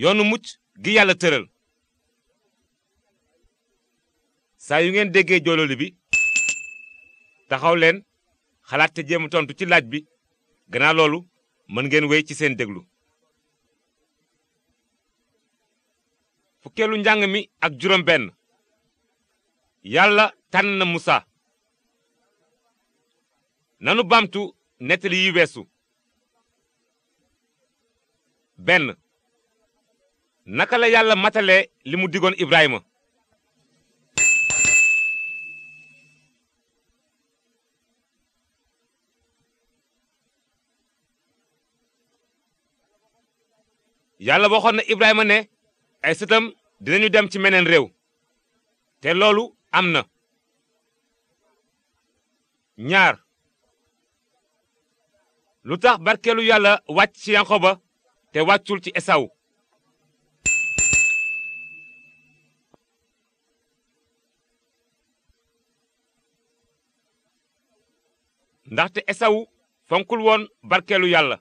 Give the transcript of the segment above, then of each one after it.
yoonu mucc gi yàlla tëral saa yu ngeen déggee joololi bi taxaw leen xalaat te jéem ci laaj bi gannaaw loolu mën ngeen wéy ci seen déglu fukkeelu njàng mi ak juróom benn yàlla tànn na musa nanu baamtu nettali yi weesu benn naka la yàlla matale li mu digoon Ibrahima. yàlla waxoon na Ibrahima ne ay sëtam dinañu dem ci meneen réew te loolu am na. ñaar lu tax barkeelu yàlla wàcc ci Yankoba te wàccul ci Esawu. ndaxte esawu fonkul woon barkeelu yàlla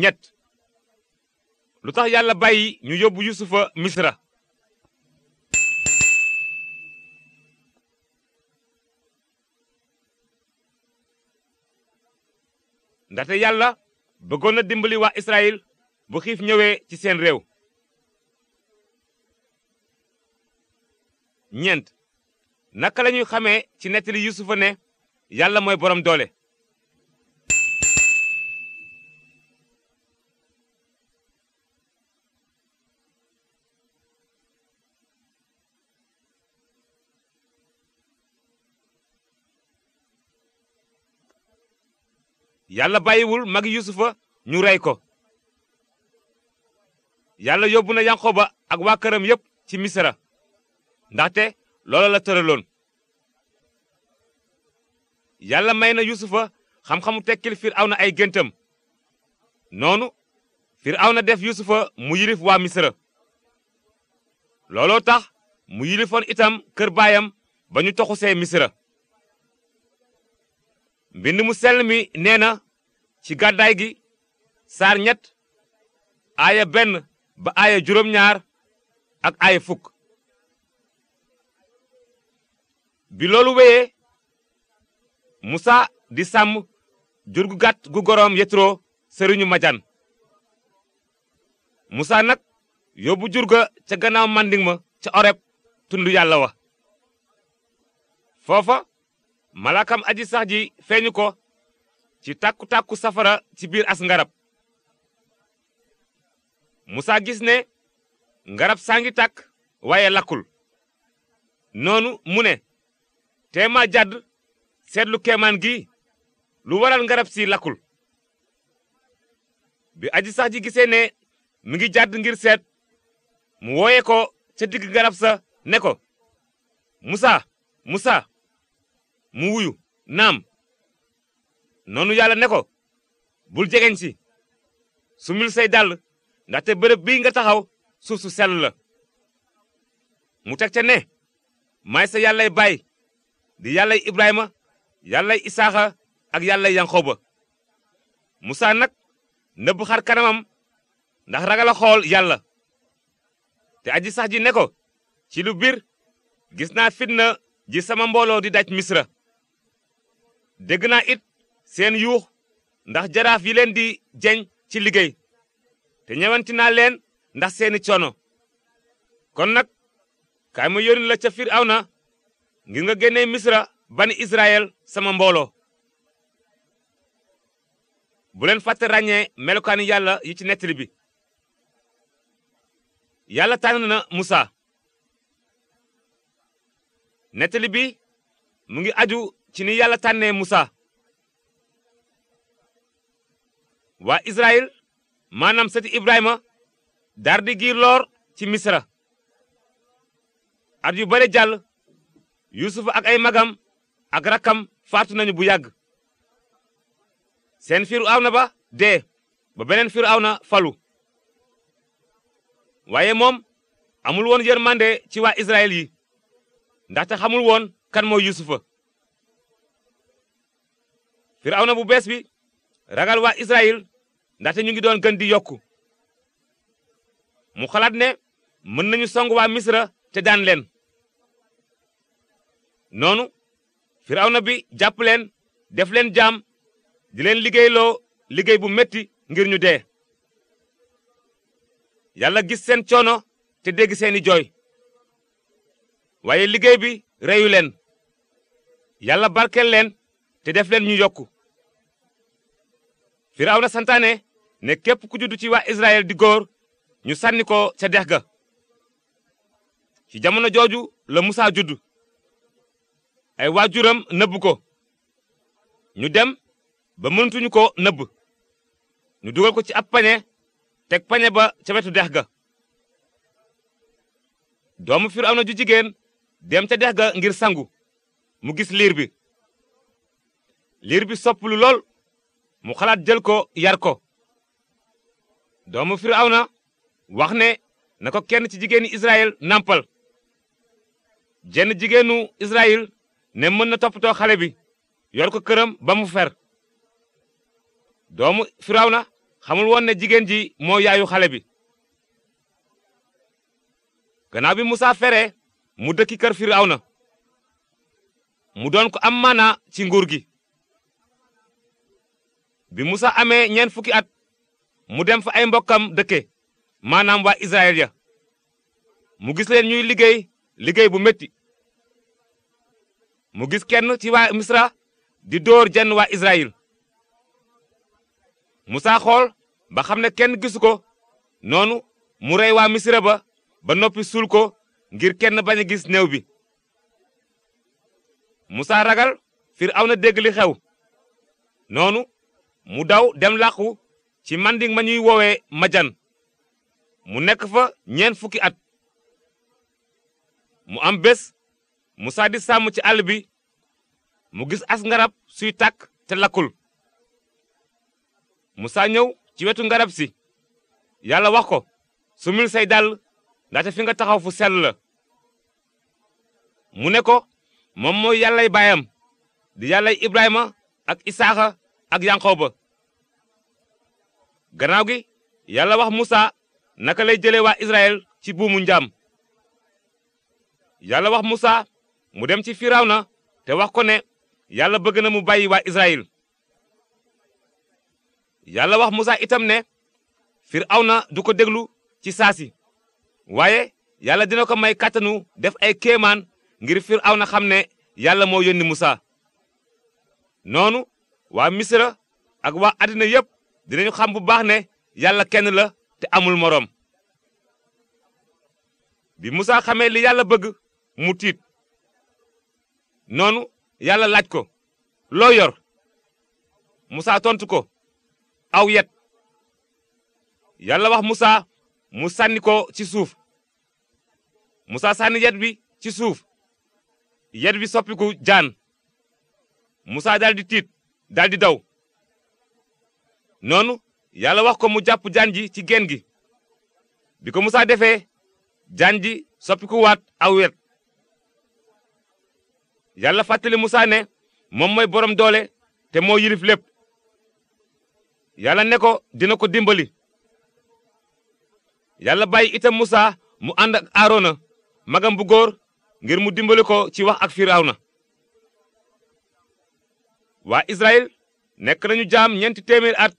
ñett lu tax yàlla bay ñu yóbbu yusufa misra ndaxte yàlla bëggoon na dimbali waa israyil bu xiif ñëwee ci seen réew ñent naka lañuy xamee ci nettali yusufa ne yàlla mooy borom doole yàlla bàyyiwul magi yusufa ñu rey ko yàlla yóbbu na yanqoba ak waa këram yépp ci misra ndaxte loola la tëraloon yàlla may na yusufa xam-xamu tekkil firawna ay géntam noonu firawna def yusufa mu yilif waa misra looloo tax mu yilifoon itam kër baayam ba ñu toxusee misra mbind mu sell mi nee na ci gàddaay gi saar ñett aaya benn ba aaya juróom-ñaar ak aaya fukk bi loolu wéyee musa di sàmm jur gu gàtt gu goroom yetro sëriñu majan musa nag yóbbu jur ga ca gannaaw manding ma ca oreb tund yàlla wa foofa malaakam aji sax ji feeñu ko ci tàkku-tàkku safara ci biir as ngarab musa gis ne ngarab saa ngi tàkk waaye lakkul noonu mu ne teema jàdd seetlu keemaan gi lu waral ngarab si lakkul bi aji sax ji gisee ne mi ngi jàdd ngir seet mu wooye ko ca digg garab sa ne ko musa musa mu wuyu naam noonu yàlla ne ko bul jegeñ si sumil say dàll ndaxte bërëb bii nga taxaw suuf su sell la mu teg ca ne maay sa yàllay baay di yàllay ibrahima yàllay isaaxa ak yàllay yanqoba musa nag nëbb xar kanamam ndax ragal a xool yàlla te aji sax ji ne ko ci lu bir gis naa na ji sama mbooloo di daj misra dégg naa it seen yuux ndax jaraaf yi leen di jeñ ci liggéey te ñewanti naa leen ndax seeni coono kon nag kaay ma ca firawna ngir nga génnee misra bani Israël sama mbooloo bu leen fàtte ràññee melokaani yàlla yi ci nettali bi yàlla tànn na Musa nettali bi mu ngi aju ci ni yàlla tànnee Musa waa Israël maanaam sëti Ibrahima dar giir loor ci Misra at yu bare jàll Yuusufa ak ay magam ak rakkam faatu nañu bu yàgg seen Firawna ba dee ba beneen Firawna falu waaye moom amul woon yërmande ci waa Israël yi ndaxte xamul woon kan mooy Yusufa Firawna bu bees bi ragal waa Israël ndaxte ñu ngi doon gën di yokku mu xalaat ne mën nañu song waa Misra te daan leen noonu firawna bi jàpp leen def leen jaam di leen liggéeyloo liggéey bu metti ngir ñu dee yàlla gis seen coono te dégg seeni jooy waaye liggéey bi reyu leen yàlla barkeel leen te def leen ñu yokku firawna santaane ne képp ku juddu ci waa israel di góor ñu sànni ko ca dex ga ci jamono jooju la musaa juddu ay waajuram nëbb ko ñu dem ba mënatuñu ko nëbb ñu dugal ko ci ab pañe teg pañe ba ca wetu dex ga doomu Firawna ju jigéen dem ca dex ga ngir sangu mu gis liir bi liir bi sopplu lool mu xalaat jël ko yar ko doomu Firawna wax ne na ko kenn ci jigéeni Israyil nàmpal jenn jigéenu Israyil ne mën na toppatoo xale bi yor ko këram ba mu fer doomu firawna xamul woon ne jigéen ji moo yaayu xale bi gannaaw bi musa feree mu dëkki kër firawna mu doon ko am maanaa ci nguur gi bi musa amee ñeent fukki at mu dem fa ay mbokkam dëkke maanaam waa israel ya mu gis leen ñuy liggéey liggéey bu metti mu gis kenn ci waa misra di dóor jenn waa israyil musa xool ba xam ne kenn gisu ko noonu mu rey waa misra ba ba noppi suul ko ngir kenn bañ a gis néew bi musa ragal Firawna dégg li xew noonu mu daw dem làqu ci manding ma ñuy woowee majan mu nekk fa ñeent fukki at mu am bés musa di sàmm ci àll bi mu gis as ngarab suy tàkk te lakkul musaa ñëw ci wetu ngarab si yàlla wax ko sumil say dàll ndaxte fi nga taxaw fu sel la mu ne ko moom mooy yàllay baayam di yàllay ibrahima ak isaaxa ak yanqooba gannaaw gi yàlla wax musa naka lay jële waa israel ci buumu njaam yàlla wax musa mu dem ci firawna te wax ko ne yàlla bëgg na mu bay waa Israël. yàlla wax Musa itam ne firawna du ko déglu ci saasi waaye yàlla dina ko may kàttanu def ay kéemaan ngir firawna xam ne yàlla moo yónni Musa. noonu waa misra ak waa àddina yépp dinañu xam bu baax ne yàlla kenn la te amul moroom bi Musa xamee li yàlla bëgg mu tiit noonu yàlla laaj ko loo yor musa tontu ko aw yet yàlla wax musa mu sànni ko ci suuf musa sànni yet bi ci suuf yet bi soppiku jaan musa daldi tiit daldi daw noonu yàlla wax ko mu jàpp jaan ji ci gen gi bi ko musa defee jaan ji soppiku waat aw yet yàlla fàttali Musaa ne moom mooy borom doole te moo yilif lépp yàlla ne ko dina ko dimbali yàlla bàyyi itam Musaa mu ànd ak Aarona magam bu góor ngir mu dimbali ko ci wax ak Firawna waa Israël nekk nañu jaam ñeenti téeméer at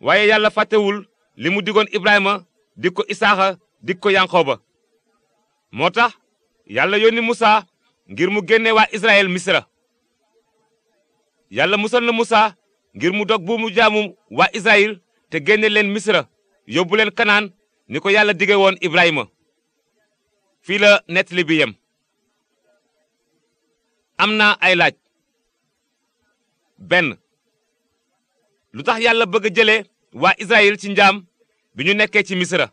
waaye yàlla fàttewul li mu digoon Ibrahima dig ko Isaaxa dig ko Yanqooba moo tax yàlla yónni Musaa ngir mu génne waa Israël misra yàlla musal na Musa ngir mu dog buumu jaamu waa Israël te génne leen misra yóbbu leen kanaan ni ko yàlla dige woon Ibrahima fii la nettali bi yem am na ay laaj benn lu tax yàlla bëgg a jëlee waa Israël ci njaam bi ñu nekkee ci misra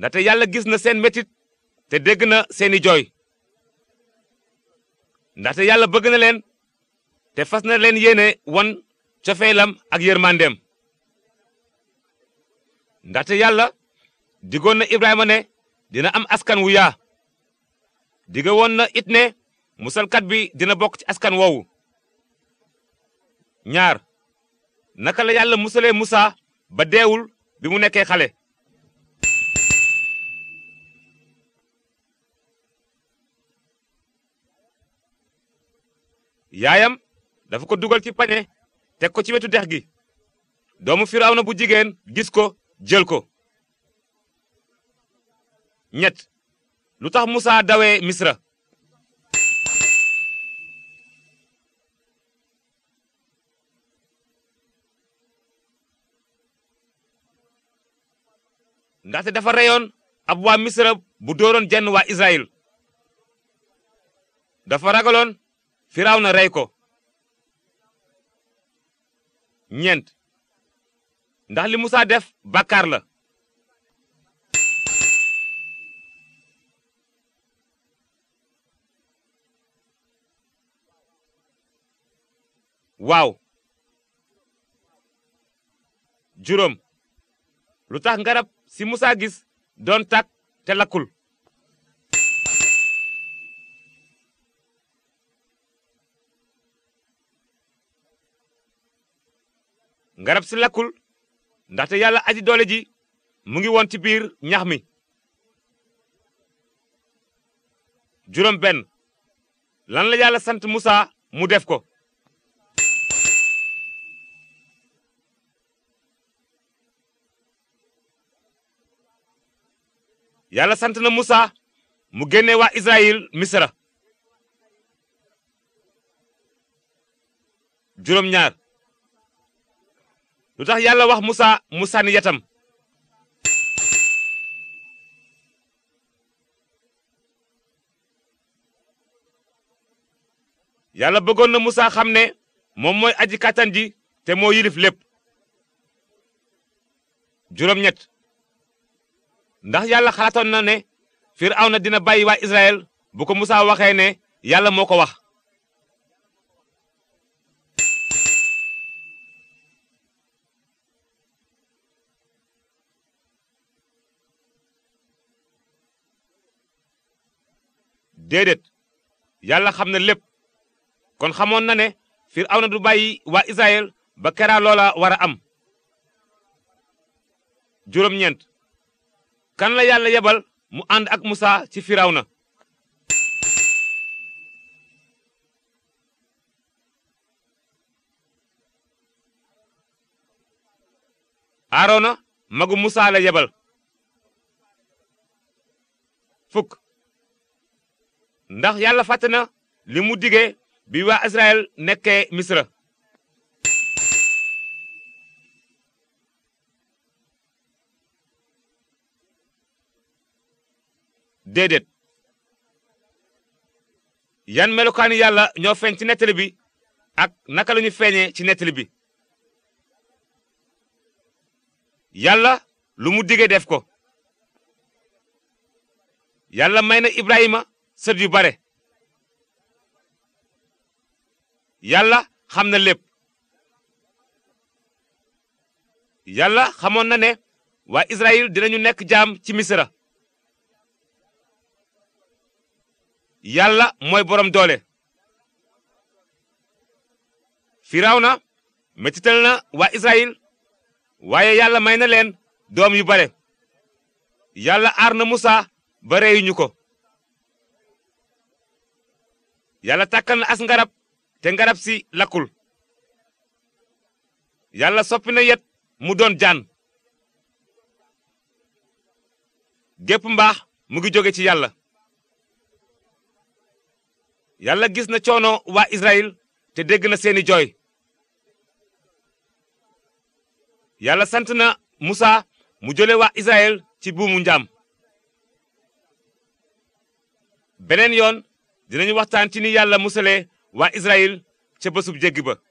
ndaxte yàlla gis na seen metit te dégg na seeni jooy ndaxte yàlla bëgg na leen te fas na leen yéene won cofeelam ak yërmandeem ndaxte yàlla digoon na Ibrahima ne dina am askan wu yaa digga won na it ne musalkat bi dina bokk ci askan woowu ñaar naka la yàlla musalee Musa ba deewul bi mu nekkee xale yaayam dafa ko dugal ci pañe teg ko ci wetu dex gi doomu firawna bu jigéen gis ko jël ko ñett lu tax musaa dawee misra ndaxte dafa reyoon ab waa misra bu dooroon jenn waa israel dafa ragaloon firaw na rey ñent ndax li musa def bàkkaar la waaw juróom lu tax ngarab si musa gis doon tàkk te lakkul garab si lakkul ndaxte yàlla aji doole ji mu ngi woon ci biir ñax mi. juróom benn lan la yàlla sant Musa mu def ko. yàlla sant na Musa mu génne waa Israyil Misra. juróom lu tax yàlla wax Musa mu sànni yatam yàlla bëggoon na Musa xam ne moom mooy aji kàttan ji te moo yilif lépp juróom-ñett ndax yàlla xalaatoon na ne Firawna dina bàyyi waa Israël bu ko Musa waxee ne yàlla moo ko wax déedéet yàlla xam na lépp kon xamoon na ne Firawna du bàyyi waa Israël ba keraa loola war a am juróom-ñeent kan la yàlla yebal mu ànd ak Musa ci Firawna Aarona magu Musa la yebal fukk ndax yàlla fàtte na li mu digee bi waa Israël nekkee Misra. déedéet yan melukaani yàlla ñoo feeñ ci nettali bi ak naka la ñu feeñee ci nettali bi. yàlla lu mu digee def ko. yàlla may na Ibrahima sët yu bare yàlla xam na lépp yàlla xamoon na ne waa Israël dinañu nekk jaam ci misra yàlla mooy boroom doole firawna metital na waa Israël waaye yàlla may na leen doom yu bare yàlla aar na Musa ba reyuñu ko yàlla tàkkal na as ngarab te ngarab si lakkul yàlla soppi na yet mu doon jaan gépp mbaax mu ngi jóge ci yàlla yàlla gis na coono waa Israël te dégg na seeni jooy yàlla sant na Musa mu jële waa Israël ci buumu njaam dinañu waxtaan ci ni yàlla musalee waa Israël ca bésub jéggi ba